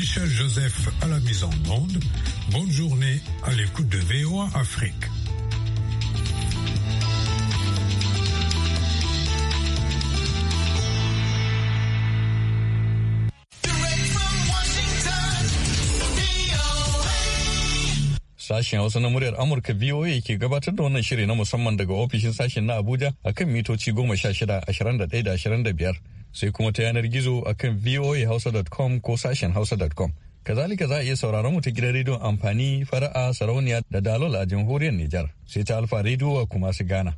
Michel Joseph à la mise en onde. Bonne journée à l'écoute de VOA Afrique. sashen Hausa na muryar Amurka VOA ke gabatar da wannan shiri na musamman daga ofishin sashen na Abuja a kan mitoci goma 21 da 25. sai kuma ta yanar gizo a kan voahausa.com ko sashen hausa.com. Kazalika za a iya sauraron mu ta gidan rediyon amfani fara'a sarauniya da dalol a jamhuriyar Nijar sai ta alfa rediyo kuma su gana.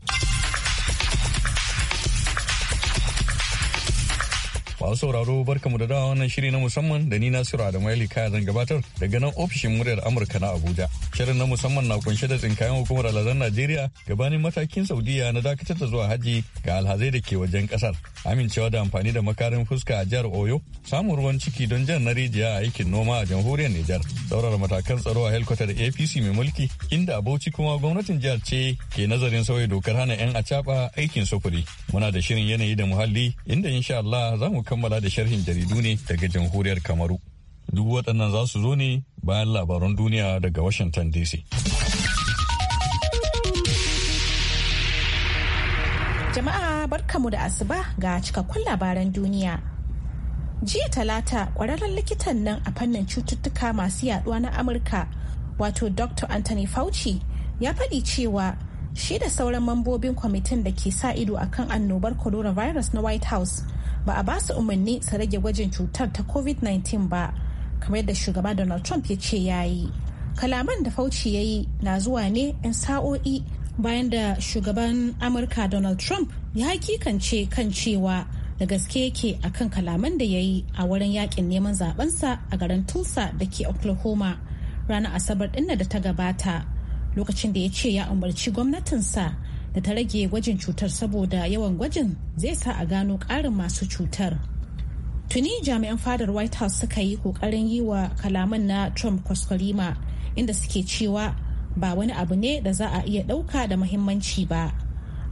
Masu sauraro barkamu da dawa wannan shiri na musamman da ni Nasiru Adamu kaya zan gabatar daga nan ofishin muryar Amurka na Abuja. Shirin na musamman na kunshe da tsinkayen hukumar alazan Najeriya gabanin matakin Saudiya na dakatar da zuwa hajji ga alhazai da ke wajen kasar. Amincewa da amfani da makarin fuska a jihar Oyo, samun ruwan ciki don jan na rijiya a aikin noma a jamhuriyar Nijar. Saurara matakan tsaro a helkwatar da APC mai mulki inda Bauchi kuma gwamnatin jihar ce ke nazarin sauya dokar hana 'yan acaba aikin sufuri. Muna da shirin yanayi da muhalli inda insha Allah za mu kammala kammala da sharhin jaridu ne daga jamhuriyar Kamaru. Duk waɗannan za su zo ne bayan labaran duniya daga Washington DC. Jama'a barkamu da asuba ga cikakkun labaran duniya. Jiya talata kwararren likitan nan a fannin cututtuka masu yaduwa na Amurka wato Dr. Anthony Fauci ya faɗi cewa shi da sauran mambobin kwamitin da ke sa ido akan annobar coronavirus na White House ba a ba su umarni su rage gwajin cutar ta covid-19 ba kamar yadda shugaba donald trump ya ce ya yi kalaman da fauci ya yi na zuwa ne 'yan sa'o'i bayan da shugaban amurka donald trump ya hakikance kan cewa da gaske yake akan kalaman da ya yi a wurin yakin neman zabensa a garin tulsa da ke oklahoma ranar asabar dinna da ta gabata lokacin da ya ce ya umarci gwamnatinsa da ta rage gwajin cutar saboda yawan gwajin zai sa a gano ƙarin masu cutar. Tuni jami'an fadar White House suka yi ƙoƙarin yi wa kalaman na Trump kwaskwarima inda suke cewa ba wani abu ne da za a iya ɗauka da mahimmanci ba.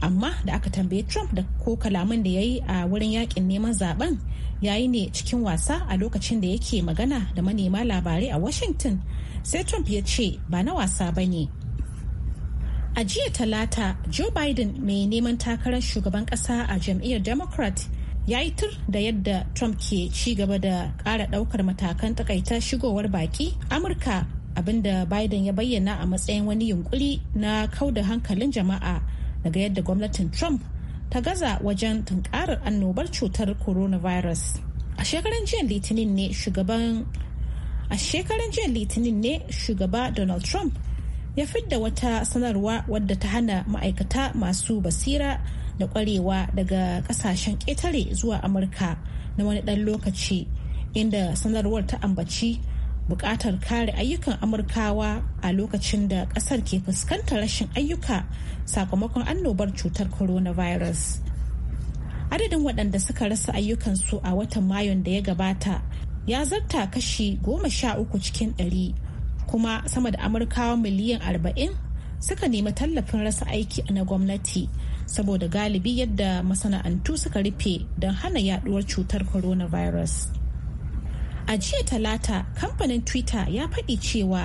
Amma da aka tambaye Trump da ko kalaman da ya yi a wurin yakin neman zaben ya yi ne cikin wasa a lokacin da yake magana da manema labarai a Washington. Sai Trump ya ce ba na wasa ba ne. A jiya talata, Joe Biden mai neman takarar shugaban kasa a jam'iyyar Democrat ya yi tur da yadda Trump ke ci gaba da ƙara ɗaukar matakan takaita shigowar baki Amurka abinda Biden ya bayyana a matsayin wani yunkuri na kauda hankalin jama'a daga yadda gwamnatin Trump ta gaza wajen tunkarar annobar cutar coronavirus. A shekarun jiya Litinin ne shugaban a shekaran jiya ne shugaba Donald Trump ya fidda wata sanarwa wadda ta hana ma'aikata masu basira da kwarewa daga kasashen ƙetare zuwa amurka na wani ɗan lokaci inda sanarwar ta ambaci buƙatar kare ayyukan amurkawa a lokacin da ƙasar ke fuskantar rashin ayyuka sakamakon annobar cutar coronavirus adadin waɗanda suka rasa ayyukansu a watan mayun da ya gabata ya zarta kashi goma sha uku cikin ɗari kuma sama da amurkawa miliyan 40 suka nemi tallafin rasa aiki na gwamnati saboda galibi yadda masana'antu suka rufe don hana yaduwar cutar coronavirus a jiya talata kamfanin twitter ya faɗi cewa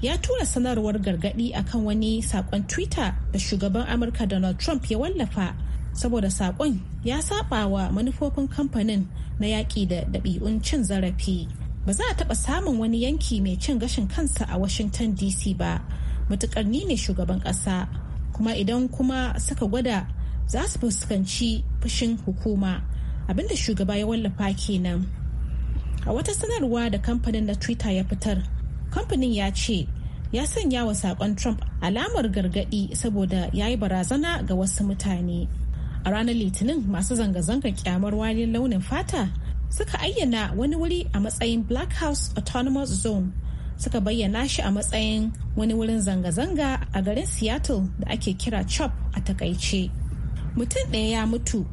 ya tura sanarwar gargaɗi akan wani saƙon twitter da shugaban amurka donald trump ya wallafa saboda saƙon ya saɓa wa manufofin kamfanin na yaƙi da ɗabi'un cin zarafi ba za a taɓa samun wani yanki mai cin gashin kansa a washington dc ba matukar ni ne shugaban ƙasa kuma idan kuma suka gwada za su fuskanci fushin hukuma abinda shugaba ya wallafa kenan a wata sanarwa da kamfanin na twitter ya fitar kamfanin ya ce ya sanya wa sakon trump alamar gargadi saboda ya yi barazana ga wasu mutane a ranar litinin masu zanga-zangar kyamar wani launin fata suka ayyana wani wuri a matsayin black house autonomous zone suka bayyana shi a matsayin wani wurin zanga-zanga a garin seattle da ake kira chop a takaice mutum ɗaya ya mutu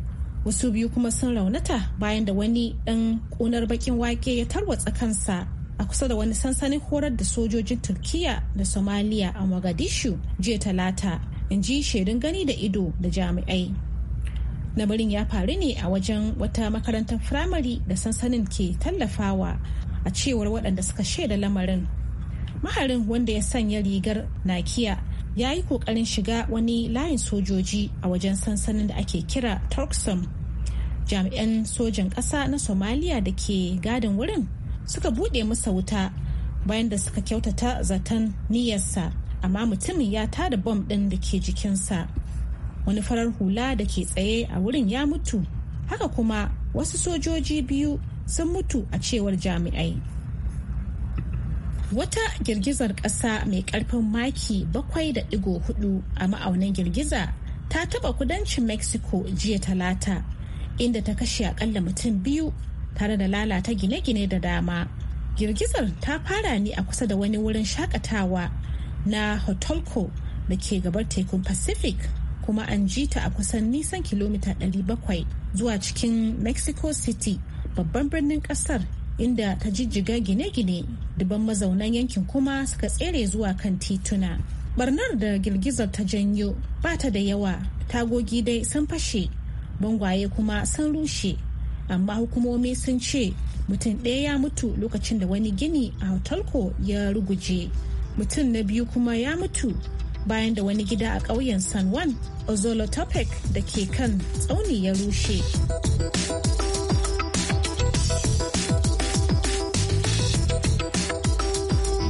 wasu biyu kuma sun raunata bayan da wani ɗan ƙunar bakin wake ya tarwatsa kansa a kusa da wani sansanin horar da sojojin turkiya da somaliya a mogadishu jiya talata in ji shaidun gani da ido da jami'ai lamarin ya faru ne a wajen wata makarantar firamare da sansanin ke tallafawa a cewar waɗanda suka shaida lamarin maharin wanda ya sanya rigar nakiya ya yi kokarin shiga wani layin sojoji a wajen sansanin da ake kira turkson jami'an sojan ƙasa na somaliya da ke gadin wurin suka buɗe masa wuta bayan da suka kyautata zaton niyyarsa amma mutumin ya tada bom ɗin da ke jikinsa wani farar hula da ke tsaye a wurin ya mutu haka kuma wasu sojoji biyu sun mutu a cewar jami'ai wata girgizar ƙasa mai ƙarfin maki 7.4 a ma'aunin girgiza ta taɓa kudancin mexico jiya talata inda ta kashe akalla mutum biyu tare da lalata gine-gine da dama girgizar ta fara ne a kusa da wani wurin shakatawa na hotolko da ke gabar tekun pacific kuma an ji ta a kusan nisan kilomita 700 zuwa cikin mexico city babban birnin kasar inda ta jijjiga gine-gine duban mazaunan yankin kuma suka tsere zuwa kan tituna barnar da girgizar ta janyo ba ta da yawa tagogi dai sun fashe bangwaye kuma sun rushe amma hukumomi sun ce mutum ɗaya ya mutu lokacin da wani gini a hotelko ya ruguje mutum na biyu kuma ya mutu bayan da wani gida a ƙauyen San Juan, Ozolotopec da ke kan tsauni ya rushe.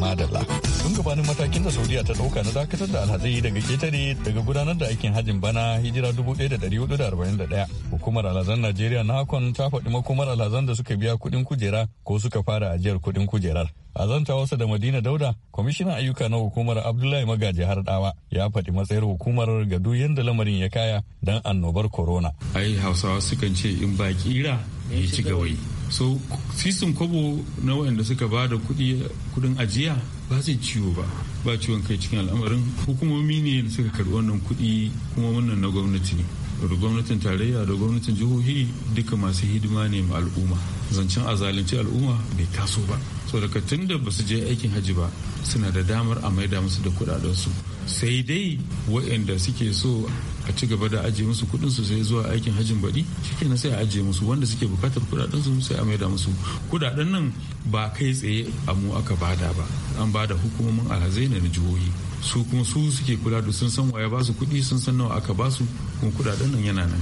Madala. tun gabanin matakin da saudiya ta dauka na dakatar da alhazai daga ketare daga gudanar da aikin hajjin bana hijira 1441 hukumar alhazan najeriya na hakon ta faɗi makomar alhazan da suka biya kudin kujera ko suka fara ajiyar kudin kujerar a zanta wasa da madina dauda kwamishinan ayyuka na hukumar abdullahi magaji har dawa ya faɗi matsayar hukumar ga duk yadda lamarin ya kaya don annobar corona ai hausawa sukan ce in ba kira ya ci gawai. so sisin kwabo na waɗanda suka ba da kudin ajiya ba zai ciwo ba ba ciwon kai cikin al'amarin hukumomi ne da suka karɓi wannan kuɗi kuma wannan na gwamnati ne da gwamnatin tarayya da gwamnatin jihohi duka masu hidima ne ma al'umma zancen a zalunci al'umma bai taso ba so daga tun da ba su je aikin hajji ba suna da damar a maida musu da kudadensu sai dai waɗanda suke so a ci gaba da ajiye musu kuɗin su sai zuwa aikin hajjin baɗi shikenan sai a ajiye musu wanda suke bukatar kuɗaɗen su sai a maida musu kuɗaɗen nan ba kai tsaye a mu aka bada ba an bada hukumomin alhazai na jihohi su kuma su suke kula da sun san waya ba su kuɗi sun san nawa aka ba su kuma kuɗaɗen nan yana nan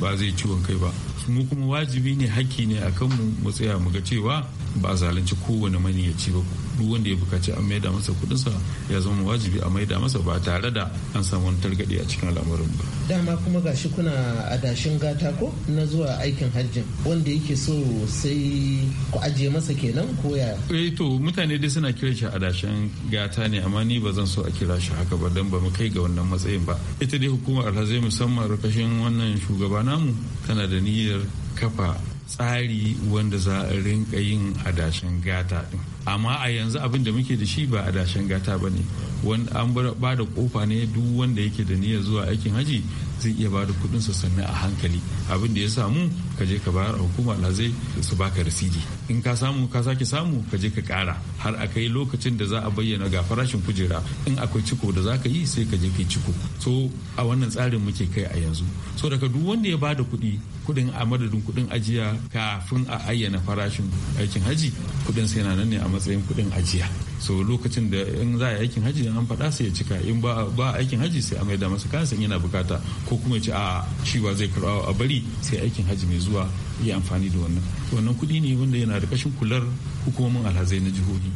ba zai ciwon kai ba mu kuma wajibi ne hakki ne akan mu mu tsaya mu ga cewa ba zalunci kowane maniyaci ba duk wanda ya bukaci an maida masa kudinsa ya zama wajibi a maida masa ba tare da an samu wani targaɗe a cikin al'amarin ba dama kuma gashi kuna adashin gata ko na zuwa aikin hajjin wanda yake so sai ku ajiye masa kenan ko ya eh to mutane dai suna kiran shi adashin gata ne amma ni ba zan so a kira shi haka ba dan ba mu kai ga wannan matsayin ba ita dai hukumar alhazai musamman rukashin wannan shugaba namu tana da niyyar kafa tsari wanda za a rinka yin adashin gata din amma a yanzu abin da muke da shi ba a dashen gata ba ne wani an ba da kofa ne duk wanda yake da niyyar zuwa aikin haji zai iya ba da su sannan a hankali abin da ya samu ka je ka bayar a hukuma zai su baka rasidi in ka samu ka sake samu ka je ka kara har a kai lokacin da za a bayyana ga farashin kujera in akwai ciko da za ka yi sai ka je kai ciko so a wannan tsarin muke kai a yanzu so daga duk wanda ya ba da kuɗi kuɗin a madadin kuɗin ajiya kafin a ayyana farashin aikin haji kuɗin sai na nan ne a matsayin kuɗin ajiya so lokacin da in za a yi aikin hajji an faɗa sai ya cika in ba aikin hajji sai a da masa kayan yana bukata ko kuma ya ce a cewa zai karɓa a bari sai aikin hajji mai zuwa ya amfani da wannan wannan kuɗi ne wanda yana da kashin kular hukumomin alhazai na jihohi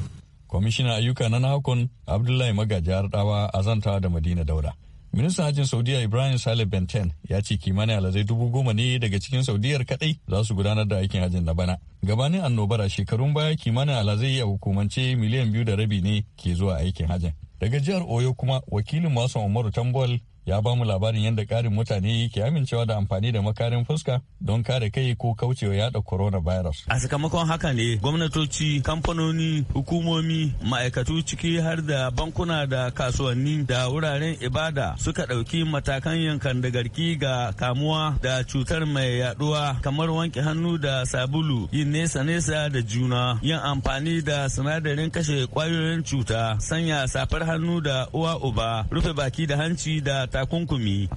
kwamishinan ayyuka na nakon abdullahi magaji dawa a zanta da madina daura Ministan Hajjin Saudiya Ibrahim Saleh Benten ya ce kimanin alazai dubu goma ne daga cikin Saudiyar kadai za su gudanar da aikin hajjin na bana. Gabanin annobar a shekarun baya kimanin alazai a hukumance miliyan biyu da rabi ne ke zuwa aikin hajjin. Daga jihar Oyo kuma wakilin masu Umaru Tambol ya ba mu labarin yadda karin mutane ke amincewa da amfani da makarin fuska don kare kai ko kaucewa yada coronavirus. A sakamakon haka ne gwamnatoci, kamfanoni, hukumomi, ma'aikatu ciki har da bankuna da kasuwanni da wuraren ibada suka ɗauki matakan yankan da garki ga kamuwa da cutar mai yaduwa kamar wanke hannu da sabulu, yin nesa-nesa da juna, yin amfani da sinadarin kashe kwayoyin cuta, sanya safar hannu da uwa uba, rufe baki da hanci da takunkumi.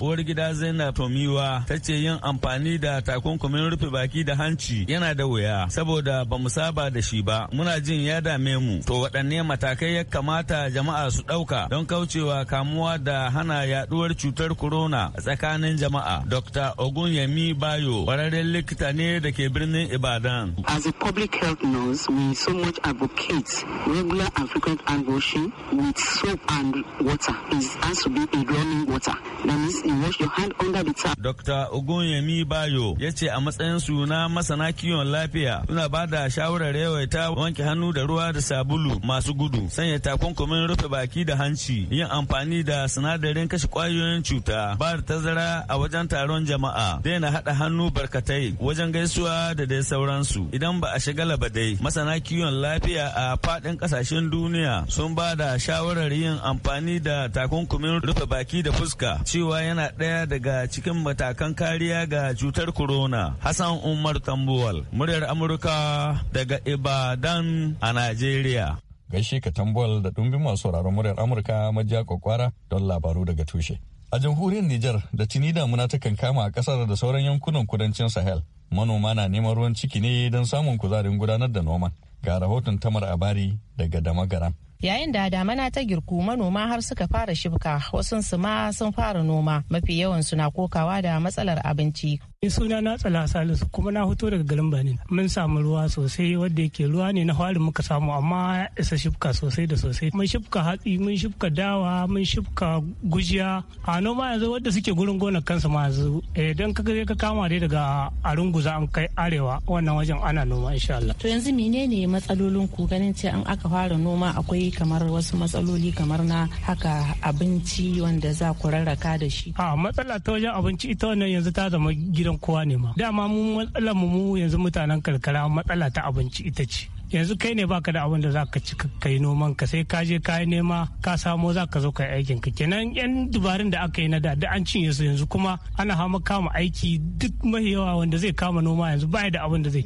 Uwar gida Zainab Tomiwa ta ce yin amfani da takunkumin rufe baki da hanci yana da wuya saboda ba mu saba da shi ba muna jin ya dame mu to waɗanne matakai ya kamata jama'a su ɗauka don kaucewa kamuwa da hana yaɗuwar cutar corona a tsakanin jama'a. Dr. Ogunyemi Bayo kwararren likita ne da ke birnin Ibadan. As a public health nurse, we so much advocate regular and frequent hand with soap and water. It has to be a running water. That means you wash your hand under the tap. Dr. Ogunyemi Bayo ya ce a matsayin su na masana kiwon lafiya suna ba da shawarar yawaita wanke hannu da ruwa da sabulu masu gudu, sanya takunkumin rufe baki da hanci, yin amfani da sinadarin kashe kwayoyin cuta, ba da tazara a wajen taron jama'a, daina haɗa hannu barkatai wajen gaisuwa da dai sauransu. Idan ba a shagala ba dai, masana kiwon lafiya a faɗin ƙasashen duniya sun ba da shawarar shawarar yin amfani da takunkumin rufe baki da fuska cewa yana ɗaya daga cikin matakan kariya ga cutar corona. Hassan Umar Tambuwal, muryar Amurka daga Ibadan a Najeriya. Gaishe ka Tambuwal da ɗumbin masu sauraron muryar Amurka majiya kwakwara don labaru daga tushe. A jamhuriyar Nijar da tuni damuna ta kan kama a ƙasar da sauran yankunan kudancin Sahel. Manoma na neman ruwan ciki ne don samun kuzarin gudanar da noman. Ga rahoton Tamar Abari daga Damagaram. yayin da damana ta girku manoma har suka fara shibka wasunsu ma sun fara noma mafi yawan suna kokawa da matsalar abinci Ni suna na tsala salisu kuma na fito daga garin Benin. Mun samu ruwa sosai wadda yake ruwa ne na hwari muka samu amma isa shifka sosai da sosai. Mun shifka hatsi, mun shifka dawa, mun shifka gujiya. A noma yanzu wadda suke gurin gona kansu ma yanzu eh, idan ka ka kama dai daga arunguza an kai arewa wannan wajen ana noma insha Allah. To yanzu menene matsalolin ku ganin ce an aka fara noma akwai kamar wasu matsaloli kamar na haka abinci wanda za ku rarraka da shi. A matsala ta wajen abinci ita wannan yanzu ta zama gidan wajen kowa ne ma dama mu matsalar mu yanzu mutanen karkara matsala ta abinci ita ce yanzu kai ne baka da abin da za ka ci ka yi noman ka sai ka je ka yi nema ka samo za ka zo ka yi aikin ka kenan yan dubarun da aka yi na da an cinye su yanzu kuma ana hama kama aiki duk mai yawa wanda zai kama noma yanzu ba da abin da zai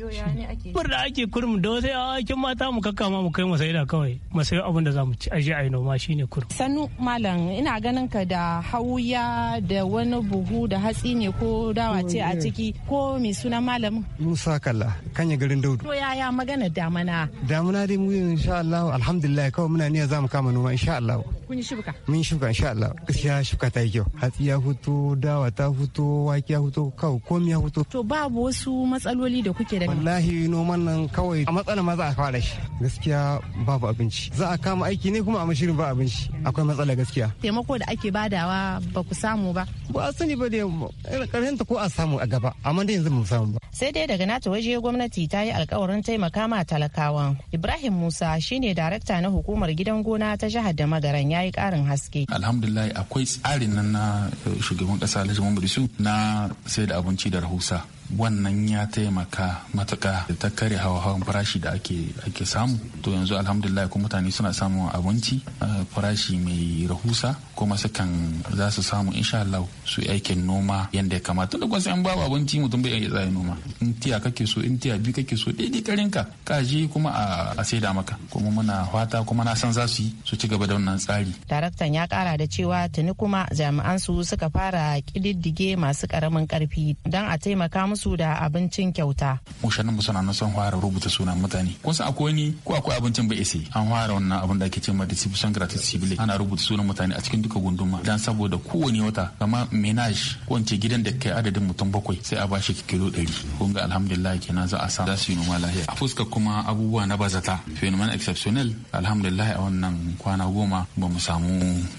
bar da ake kurum da wasu yawakin ah, mata mu kakkama mu kai masaida kawai mu abin da za mu ci aje a yi noma shine kurum sanu malam ina ganin ka da hauya da wani buhu da hatsi ne ko dawa ce a oh, ciki ko mai suna malamin musa kalla kanya garin daudu to yaya magana damana damuna? Damuna dai mu insha Allah alhamdulillah kawai muna niyya za mu kama noma insha Allah. kun yi shibka mun shibka insha Allah gaskiya shibka ta yi kyau hatsi ya huto dawa ta huto wake ya huto kawai komai ya huto to babu wasu matsaloli da kuke da wallahi noman nan kawai a matsala ma za a fara shi gaskiya babu abinci za a kama aiki ne kuma a mashirin ba abinci akwai matsala gaskiya taimako da ake badawa ba ku samu ba ba a sani ba da karhenta ko a samu a gaba amma dai yanzu ba mu samu ba sai dai daga nata waje gwamnati ta yi alkawarin taimaka ma talakawan ibrahim musa shine darakta na hukumar gidan gona ta jihar da magaran ya yi ƙarin haske. Alhamdulillah akwai tsarin nan na shugaban ƙasa Alhaji Muhammadu Su na sai da abinci da rahusa. wannan ya taimaka matuka da ta kare hawa-hawan farashi da ake samu to yanzu alhamdulillah ko mutane suna samun abinci eh, farashi mai rahusa kuma sukan za su samu insha Allah su aikin noma yadda ya kamata da kwasu yan babu abinci mutum bai iya tsaye noma in tiya kake so in tiya biyu kake so daidai karinka ka je kuma a saida maka kuma muna fata kuma na san za su yi su ci gaba da wannan tsari daraktan ya kara da cewa tuni kuma jami'an su suka fara kididdige masu karamin karfi don a taimaka musu musu da abincin kyauta. Mushanin mu suna son fara rubuta sunan mutane. Kun san akwai ni ko akwai abincin ba ise an fara wannan abin da ake cewa distribution gratis civil ana rubuta sunan mutane a cikin duka gunduma dan saboda kowane wata kama menaj ko ce gidan da kai adadin mutum bakwai sai a bashi kilo ɗari. Kun ga alhamdulillah kenan za a sa za su yi noma lahiya. A fuska kuma abubuwa na bazata fenomen exceptional alhamdulillah a wannan kwana goma ba mu samu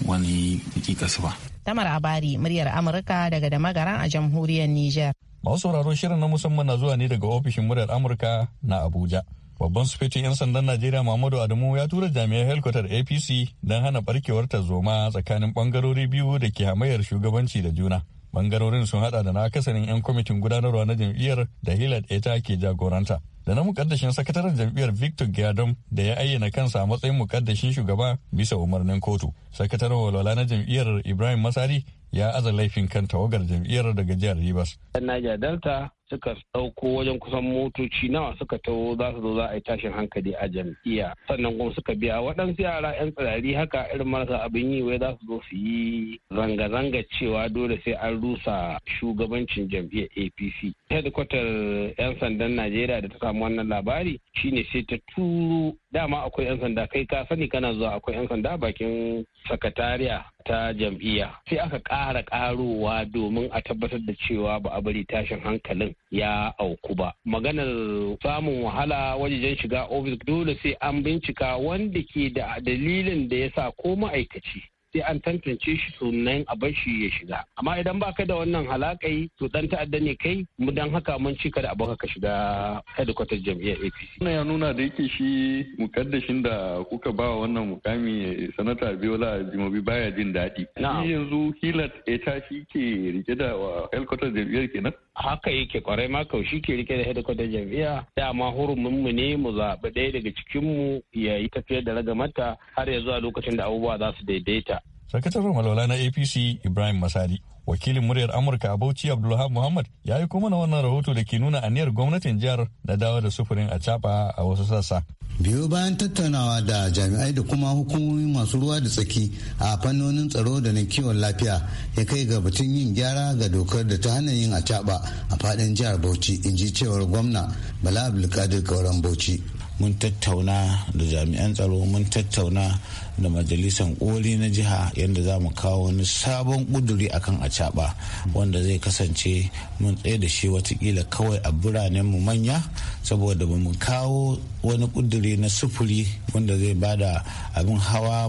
wani kikasu ba. Tamar Abari, muryar Amurka daga da a jamhuriyar Nijar. Masu sauraron shirin na musamman na zuwa ne daga ofishin muryar Amurka na Abuja. Babban sufetin 'yan sandan Najeriya Muhammadu Adamu ya tura jami'an helkwatar APC don hana barkewar zoma tsakanin bangarori biyu da ke hamayar shugabanci da juna. Bangarorin sun hada da na akasarin 'yan kwamitin gudanarwa na jam'iyyar da Hilad Eta ke jagoranta. Da na mukaddashin sakataren jam'iyyar Victor Gyadam da ya ayyana kansa a matsayin mukaddashin shugaba bisa umarnin kotu. Sakataren walwala na jam'iyyar Ibrahim Masari ya aza laifin kan tawagar jam'iyyar daga jihar Rivers. Niger Delta suka ɗauko wajen kusan motoci nawa suka taho za su zo za a yi tashin hankali a jam'iyya sannan kuma suka biya waɗansu yara 'yan tsirari haka irin marasa abin yi wai za su zo su yi zanga-zanga cewa dole sai an rusa shugabancin jam'iyyar apc hedkwatar 'yan sandan najeriya da ta samu wannan labari shine sai ta turu. dama akwai 'yan sanda kai ka sani kana zuwa akwai 'yan sanda bakin sakatariya ta jam'iyya sai aka ƙara ƙarowa domin a tabbatar da cewa ba a bari tashin hankalin ya auku ba maganar samun wahala wajen shiga ofis dole sai an bincika wanda ke da dalilin da ya sa ko ma'aikaci sai an tantance shi sunan a shi ya shiga amma idan baka da wannan halakai to dan ta'addan ne kai mu dan haka mun ci da baka ka shiga headquarters jam'iyyar APC wannan ya nuna da yake shi mukaddashin da kuka ba wannan mukami sanata Abiola Jimobi baya jin daɗi Ni yanzu Hilat ita shi ke rike da headquarters jam'iyyar kenan haka yake kwarai ma shi ke rike da headquarters jam'iyya dama hurumin mu ne mu zaɓi ɗaya daga cikin mu yayi tafiyar da ragamata har ya zuwa lokacin da abubuwa za su daidaita sakataren walwala na apc ibrahim masadi wakilin muryar amurka a bauchi abdulhab muhammad ya yi kuma na wannan rahoto da ke nuna aniyar gwamnatin jihar na dawo da sufurin a caba a wasu sassa biyu bayan tattaunawa da jami'ai da kuma hukumomi masu ruwa da tsaki a fannonin tsaro da na kiwon lafiya ya kai ga batun yin gyara ga dokar da ta hana yin a a fadin jihar bauchi in ji cewar gwamna bala abdulkadir kauran bauchi mun tattauna da jami'an tsaro mun tattauna da majalisar koli na jiha yadda za mu kawo wani sabon kuduri akan acaba wanda zai kasance mun tsaye da shi watakila kawai a biranen mu manya saboda ba mu kawo wani kuduri na sufuri wanda zai bada abin hawa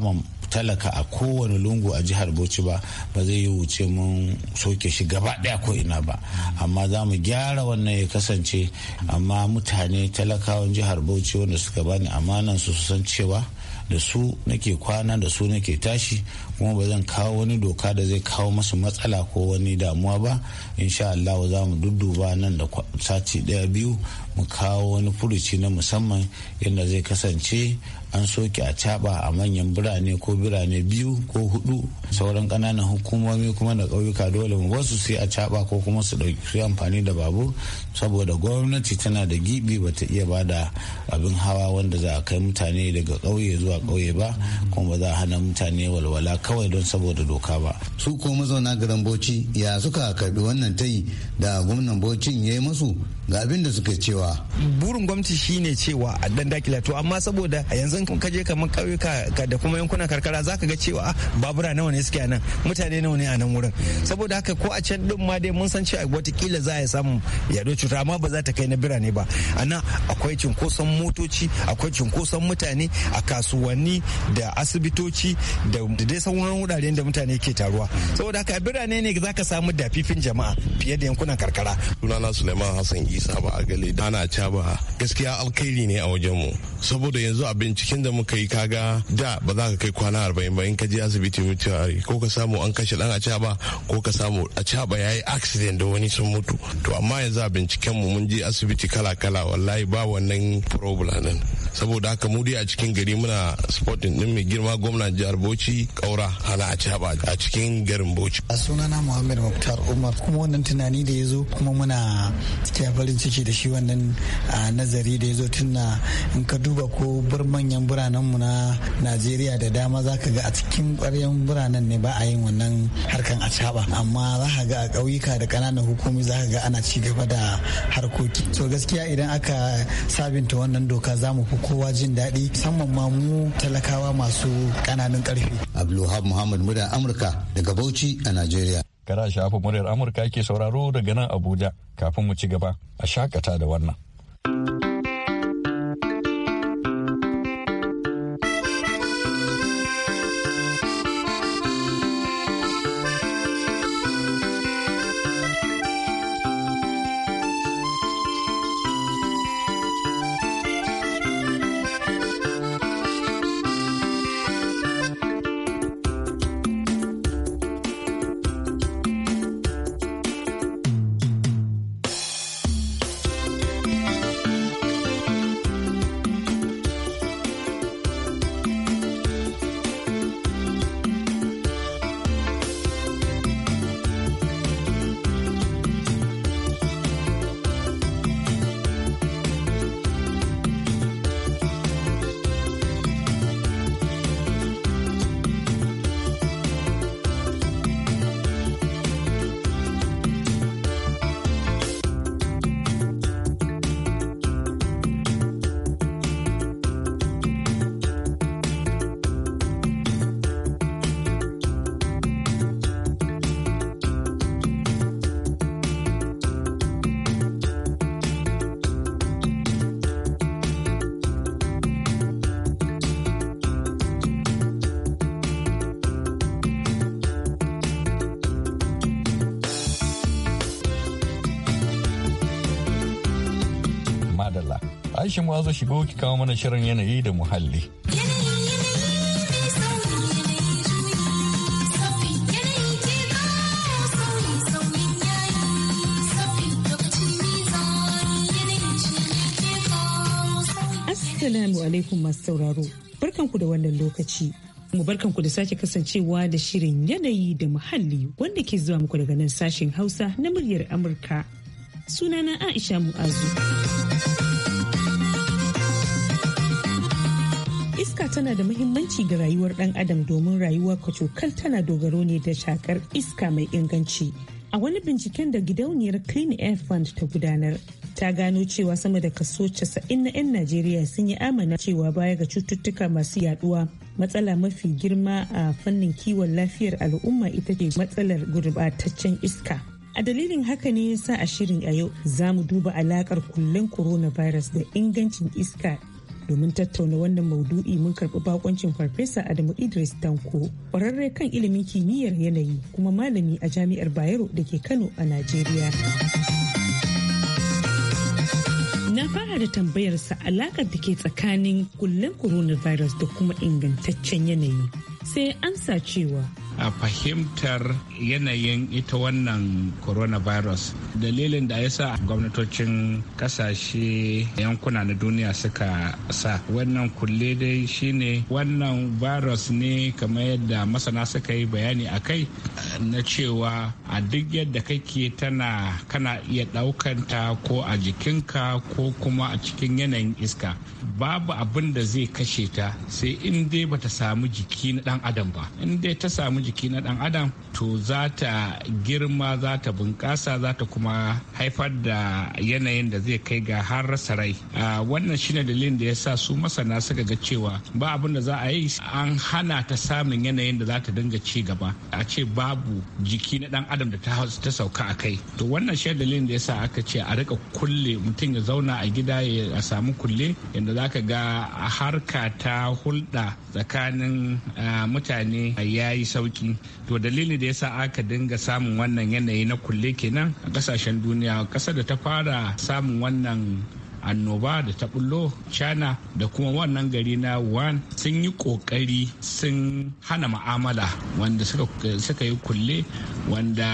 talaka a kowane lungu a jihar bauchi ba ba zai yi wuce mun soke shi gaba daya ko ina ba amma za mu gyara wannan ya kasance amma mutane talakawan jihar bauchi wanda suka bani amanan su san cewa da su nake kwana da su nake tashi kuma ba zan kawo wani doka da zai kawo masu matsala ko wani damuwa ba insha Allah za mu dudduba nan da sati daya biyu mu kawo wani furuci na musamman yadda zai kasance an soke a caba a manyan birane ko birane biyu ko hudu sauran kananan hukumomi kuma da ƙauyuka dole mu wasu sai a caba ko kuma su ɗauki amfani da babu. saboda gwamnati tana da gibi bata iya bada abin hawa wanda za a kai mutane daga ƙauye zuwa ƙauye ba kuma ba za a hana mutane walwala kawai don saboda doka ba su ko mazauna garin bauchi ya suka karbi wannan tayi da gwamnan bauchin ya yi masu ga abin da suka cewa burin gwamnati shine cewa a dan dakila to amma saboda a yanzu kun kaje kamar ka da kuma yankunan karkara zaka ga cewa ah, babura nawa ne suke a nan mutane nawa ne a nan wurin saboda haka ko a can din ma dai mun san cewa watakila za a samu yaɗo cuta amma ba za ta kai na birane ba anan akwai cunkoson motoci akwai cunkoson mutane a kasuwanni da asibitoci da dai sauran wuraren da mutane ke taruwa saboda haka birane ne za samu dafifin jama'a fiye da yankunan karkara sunana suleiman hassan isa ba a gale da ana ca ba gaskiya alkhairi ne a wajenmu saboda yanzu a binciken da muka yi kaga da ba za ka kai kwana arba'in ba in ka je asibiti mutuwari ko ka samu an kashe dan a ca ba ko ka samu a ca ba yayi accident da wani sun mutu to amma yanzu a binciken mu mun je asibiti kala kala wallahi ba wannan problem saboda haka mu dai a cikin gari muna sporting din mai girma gwamnan jihar Bauchi kaura hana a a cikin garin Bauchi a sunana Muhammad Muktar Umar kuma wannan tunani da ya zo kuma muna cikin farin ciki da shi wannan nazari da ya zo tunna in ka duba ko bar manyan biranen mu na Najeriya da dama zaka ga a cikin ƙwaryan biranen ne ba a yin wannan harkan a caba amma za ka ga a ƙauyuka da ƙananan hukumi za ka ga ana ci gaba da harkoki so gaskiya idan aka sabinta wannan doka za mu fi kowa jin daɗi musamman ma mu talakawa masu ƙananan ƙarfi. Abdulhab Muhammad Muda Amurka daga Bauchi a Najeriya. Kara shafa muryar Amurka ke sauraro daga nan Abuja kafin mu ci gaba a shakata da wannan. Aisha Mu'azu shigo ki kawo mana shirin yanayi da muhalli. Assalamu alaikum masu sauraro, barkanku da wannan lokaci. Mu barkanku da sake kasancewa da shirin yanayi da muhalli wanda ke zuwa muku daga nan sashen Hausa na muryar Amurka. Sunana Aisha Mu'azu. iska tana da muhimmanci ga rayuwar dan adam domin rayuwar kacokal tana dogaro ne da shakar iska mai inganci a wani binciken da gidauniyar clean air fund ta gudanar ta gano cewa sama da kaso 90 na 'yan najeriya sun yi amana cewa baya ga cututtuka masu yaduwa matsala mafi girma a fannin kiwon lafiyar al'umma ita ke matsalar gurbataccen iska a dalilin haka ne sa a shirin a yau za mu duba alakar kullen coronavirus da ingancin iska domin tattauna wannan maudu'i mun karɓi bakoncin farfesa adamu idris tanko ƙwararre kan ilimin kimiyyar yanayi kuma malami a jami'ar bayero da ke kano a najeriya na fara da tambayarsa alakar da ke tsakanin kullum coronavirus da kuma ingantaccen yanayi sai amsa cewa a fahimtar yanayin ita wannan coronavirus dalilin da ya sa gwamnatocin kasashe yankuna na duniya suka sa wannan kulle dai shine wannan virus ne kamar yadda masana suka yi bayani a kai na cewa a duk yadda kake tana kana iya ɗaukanta ko a jikinka ko kuma a cikin yanayin iska babu abin da zai kashe ta sai in dai bata samu jiki na dan adam ba in dai ta samu jiki na dan adam to za ta girma za ta bunƙasa za ta kuma haifar da yanayin da zai kai ga har rasa rai wannan shine dalilin da ya sa su masana suka ga cewa ba abin da za a yi an hana ta samun yanayin da za ta dinga ci gaba a ce babu jiki na dan adam da ta ta sauka a kai to wannan shi dalilin da ya sa aka ce a rika kulle mutum ya zauna a gida ya samu kulle yadda za ka ga harka ta hulɗa tsakanin mutane ya yi sauki sauki to dalili da yasa aka dinga samun wannan yanayi na kulle kenan a kasashen duniya kasar da ta fara samun wannan annoba da ta bullo china da kuma wannan gari na wuhan sun yi kokari sun hana ma'amala wanda suka yi kulle wanda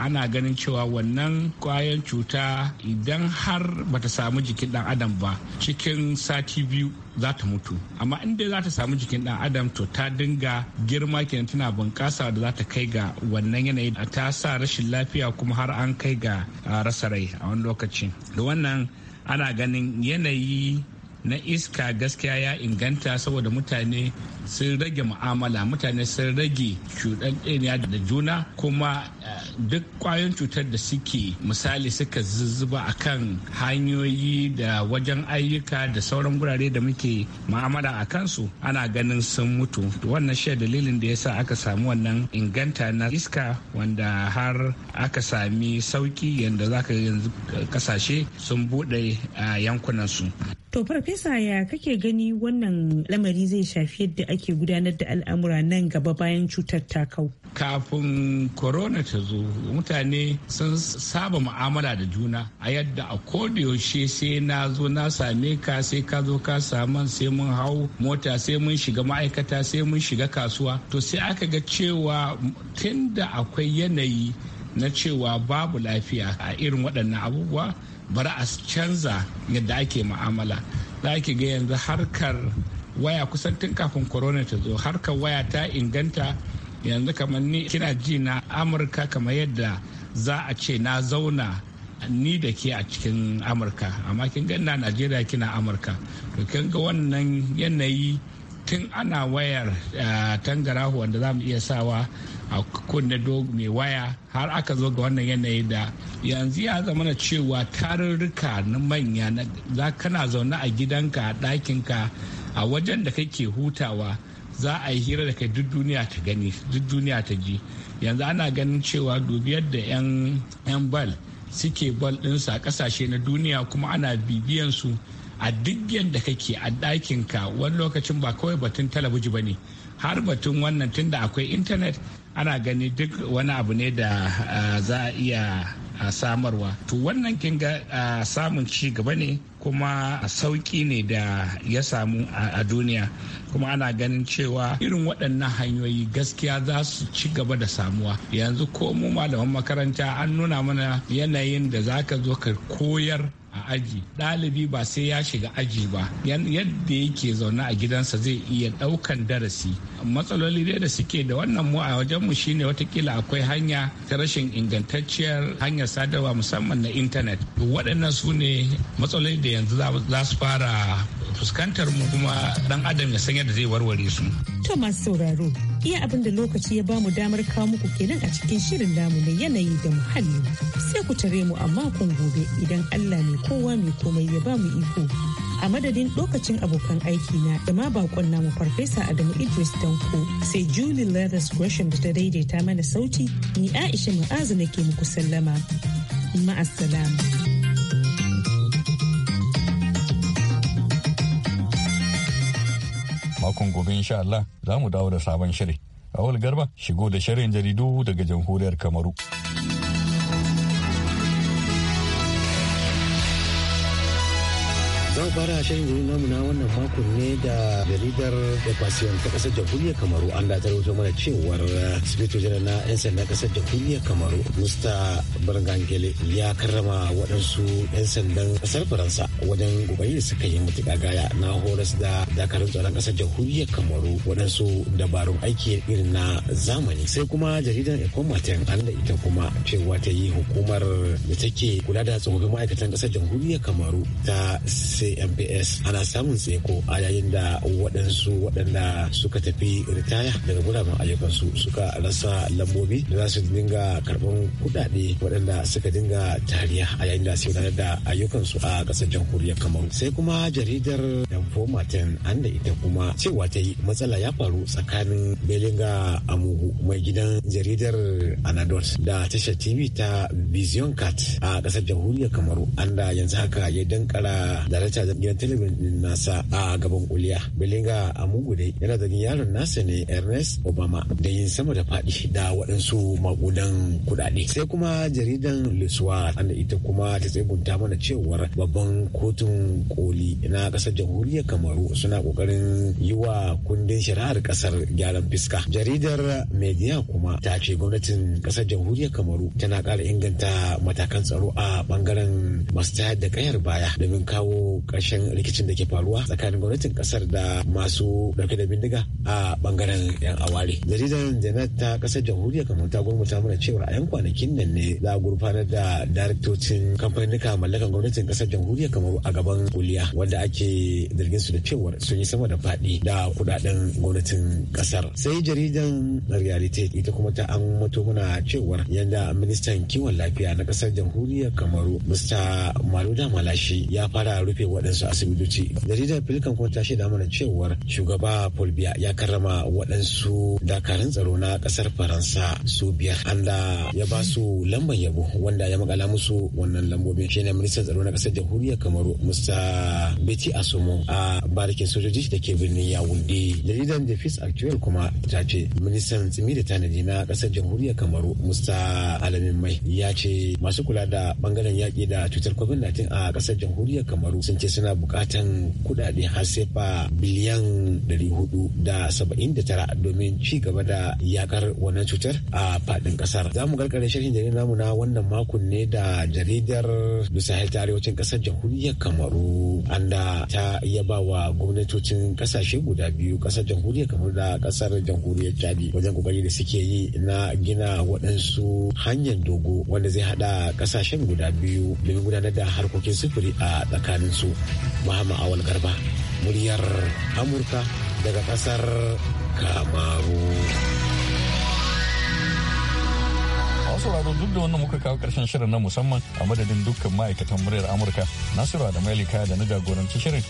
ana ganin cewa wannan kwayan cuta idan har bata samu jikin dan adam ba cikin sati biyu za ta mutu amma in dai za ta samu jikin dan adam to ta dinga girma kenan tana bunƙasa da za ta kai ga wannan yanayi ta sa rashin lafiya kuma har an kai ga rasa rai a wani lokaci da wannan ana ganin yanayi na iska gaskiya ya inganta saboda mutane sun rage mu'amala mutane sun rage cuɗaɗɗeniya da juna kuma duk kwayoyin cutar da suke misali suka zuzzuba a kan hanyoyi da wajen ayyuka da sauran gurare da muke ma'amala a kansu ana ganin sun mutu wannan shi dalilin da yasa aka samu wannan inganta na iska wanda har aka sami sauki yadda za ka yanzu kasashe sun bude buɗe eh, yankunansu To farfesa ya kake gani wannan lamari zai shafi yadda ake gudanar da al'amura nan gaba bayan cutar ta kau. Kafin korona ta zo mutane sun saba mu'amala da juna a yadda a yaushe sai na zo na same ka sai ka zo ka saman sai mun hau mota sai mun shiga ma'aikata sai mun shiga kasuwa to sai aka ga cewa tunda akwai yanayi na cewa babu lafiya a irin waɗannan abubuwa bari a canza yadda ake ma'amala za ki ga yanzu harkar waya kusan tun kafin corona ta zo harkar waya ta inganta yanzu kamar ni kina ji na amurka kamar yadda za a ce na zauna ni da ke a cikin amurka amma kin ga na najeriya kina amurka to kin ga wannan yanayi tun ana wayar eh, tangarahu wanda za mu iya sawa a kunne mai waya har aka zo ga wannan yanayi da yanzu ya zama na cewa tarurruka na manya za kana zaune a gidanka a ɗakinka a wajen da kake hutawa za a yi hira da kai duk duniya ta gani duk duniya ta ji yanzu ana ganin cewa dubiyar da 'yan bal suke bal ɗinsu a ƙasashe na duniya kuma ana bibiyan su a duk yadda kake a ka wani lokacin ba kawai batun talabijin ba ne har batun wannan tunda akwai intanet ana gani duk wani abu ne da za a iya samarwa to wannan kin ga samun ci gaba ne kuma sauki ne da ya samu a duniya kuma ana ganin cewa irin waɗannan hanyoyi gaskiya za su ci gaba da samuwa yanzu ko mu malaman makaranta an nuna mana yanayin da za ka zo ka koyar a aji ɗalibi ba sai ya shiga aji ba yadda yake zaune a gidansa zai iya ɗaukan darasi matsaloli dai da suke da wannan mu a wajenmu shine watakila akwai hanya ta rashin ingantacciyar hanyar sadarwa musamman na intanet waɗannan su ne matsaloli da yanzu za su fara fuskantar mu kuma ɗan adam ya san yadda zai warware su. to sauraro iya abin da lokaci ya bamu damar kawo muku kenan a cikin shirin namu na yanayi da muhalli sai ku tare mu a makon gobe idan allah mai kowa mai komai ya bamu iko a madadin lokacin abokan aiki na da ma bakon namu farfesa adamu idris danko sai julie leathers gresham da ta daidaita mana sauti ni aisha mu'azu nake muku sallama ma'assalam. makon gobe insha Allah za mu dawo da sabon shirin. Awal Garba shigo da shirin jaridu daga jamhuriyar Kamaru. mu fara shirin jirgin namu na wannan makon ne da jaridar equation ta kasar jamhuriyar kamaru an datar wato mana cewar sifito janar na yan sanda kasar jamhuriyar kamaru musta barangangele ya karrama waɗansu yan sandan kasar faransa wajen kokari da suka yi mutuka gaya na horas da dakarun tsaron kasar jamhuriyar kamaru waɗansu dabarun aiki irin na zamani sai kuma jaridar ecomaten an da ita kuma cewa ta yi hukumar da take kula da tsofaffin ma'aikatan kasar jamhuriyar kamaru ta sai mps ana samun tseko a yayin da waɗansu waɗanda suka tafi ritaya daga guraben ayyukansu suka rasa lambobi da za su dinga karɓan kuɗaɗe waɗanda suka dinga tariya a yayin da su da ayyukansu a ƙasar jamhuriyar kamaru sai kuma jaridar danfo martin an da ita kuma cewa ta yi matsala ya faru tsakanin belinga amuhu mai gidan jaridar anadol da tashar tv ta vision cat a ƙasar jamhuriyar kamaru an da yanzu haka ya dankara darakta gidan talabijin nasa a gaban kuliya belinga mugu dai yana zargin yaron nasa ne ernest obama da yin sama da faɗi da waɗansu magudan kudade. sai kuma jaridan lissuwa an ita kuma ta tsibunta mana cewar babban kotun koli na ƙasar jamhuriyar kamaru suna ƙoƙarin yi wa kundin shari'ar ƙasar gyaran fiska jaridar media kuma ta ce gwamnatin ƙasar jamhuriyar kamaru tana ƙara inganta matakan tsaro a ɓangaren masu tayar da ƙayar baya domin kawo karkashin rikicin da ke faruwa tsakanin gwamnatin kasar da masu dauke da bindiga a bangaren 'yan aware. Jaridar Janet ta kasar jamhuriyar kamar ta gurmuta mana cewa a 'yan kwanakin nan ne za a gurfanar da daraktocin kamfanika mallakan gwamnatin ƙasar jamhuriyar kamar a gaban kuliya wanda ake zargin su da cewar sun yi sama da faɗi da kudaden gwamnatin kasar Sai jaridan Realite ita kuma ta an mato mana cewar yadda ministan kiwon lafiya na kasar jamhuriyar Kamaru Mr. Maluda Malashi ya fara rufe waɗansu waɗansu asibitoci jaridar filikan kuma ta shaida mana cewar shugaba paul biya ya karrama waɗansu dakarun tsaro na ƙasar faransa su biyar anda ya ba su lambar yabo wanda ya makala musu wannan lambobin shine ministan tsaro na ƙasar jamhuriyar kamaru Musa beti asomo a barikin sojoji da ke birnin yawunde jaridar the fis Actuel kuma ta ce ministan tsimi da tanadi na ƙasar jamhuriyar kamaru Musa alamin mai ya ce masu kula da bangaren yaƙi da cutar covid-19 a ƙasar jamhuriyar kamaru sun ce suna bukatan sai fa biliyan 479 domin ci gaba da yakar wannan cutar a fadin kasar za mu karkare shirin jaridar namu na wannan makon ne da jaridar bisa sahel arewacin kasar jamhuriyar kamaru an da ta yaba wa gwamnatocin kasashe guda biyu kasar jamhuriyar kamaru da kasar jamhuriyar chadi wajen kokari da suke yi na gina waɗansu hanyar dogo wanda zai hada kasashen guda biyu domin gudanar da harkokin sufuri a tsakanin su mama Awal Garba, muryar Amurka daga ƙasar Kamaru. sauraro duk da wannan muka kawo karshen shirin na musamman a madadin dukkan ma'aikatan muryar amurka nasiru da mailika da na jagoranci shirin